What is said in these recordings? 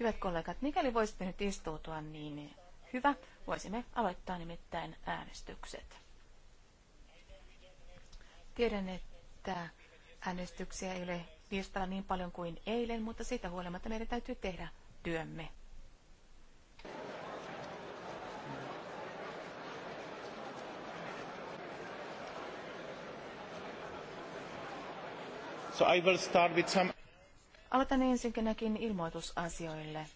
Hyvät kollegat, mikäli voisitte nyt istuutua, niin hyvä. Voisimme aloittaa nimittäin äänestykset. Tiedän, että äänestyksiä ei ole listalla niin paljon kuin eilen, mutta siitä huolimatta meidän täytyy tehdä työmme. So I will start with some... Aloitan ensinnäkin ilmoitusasioille.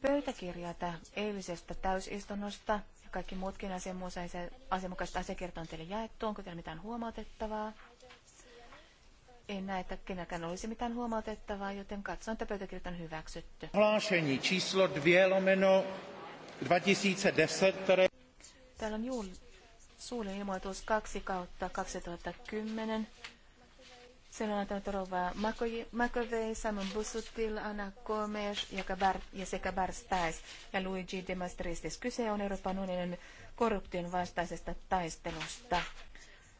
Pöytäkirjata eilisestä täysistunnosta ja kaikki muutkin asianmukaiset asiakirjat on teille jaettu. Onko teillä mitään huomautettavaa? En näe, että kenelläkään olisi mitään huomautettavaa, joten katson, että pöytäkirjat on hyväksytty. Täällä on juuri suullinen ilmoitus 2 kautta 2010 siellä on antanut rouva McAvey, Simon Busuttil, Anna Gomes ja sekä Barstais ja Luigi de Mastristis. Kyse on Euroopan unionin korruption vastaisesta taistelusta.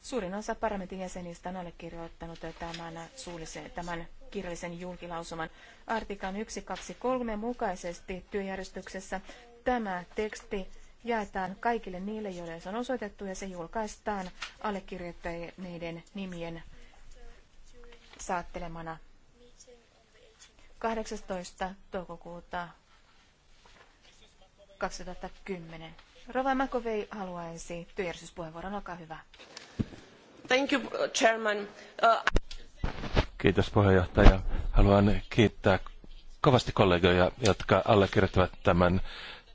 Suurin osa parlamentin jäsenistä on allekirjoittanut tämän, suullisen, tämän kirjallisen julkilausuman artikan 123 mukaisesti työjärjestyksessä. Tämä teksti jaetaan kaikille niille, joille se on osoitettu ja se julkaistaan allekirjoittaneiden nimien saattelemana. 18. toukokuuta 2010. Rova Makovei haluaisi työjärjestyspuheenvuoron. Olkaa hyvä. Thank you, Chairman. Uh... Kiitos puheenjohtaja. Haluan kiittää kovasti kollegoja, jotka allekirjoittavat tämän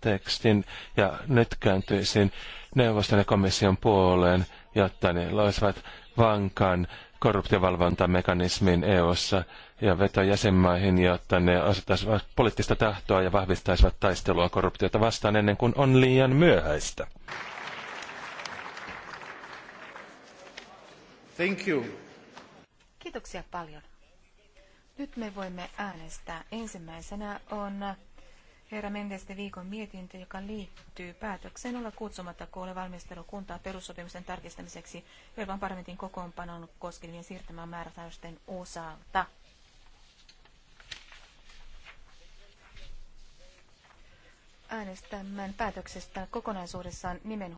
tekstin ja nyt kääntyisin neuvoston ja komission puoleen, jotta ne loisivat vankan korruptiovalvontamekanismin EU:ssa ja veto jäsenmaihin, jotta ne osoittaisivat poliittista tahtoa ja vahvistaisivat taistelua korruptiota vastaan ennen kuin on liian myöhäistä. Thank you. Kiitoksia paljon. Nyt me voimme äänestää. Ensimmäisenä on herra Mendestä viikon mietintö, joka liittyy päätökseen olla kutsumatta koolle valmistelukuntaa perussopimusten tarkistamiseksi Euroopan parlamentin kokoonpanon koskevien siirtämään määrätäysten osalta. Äänestämään päätöksestä kokonaisuudessaan nimen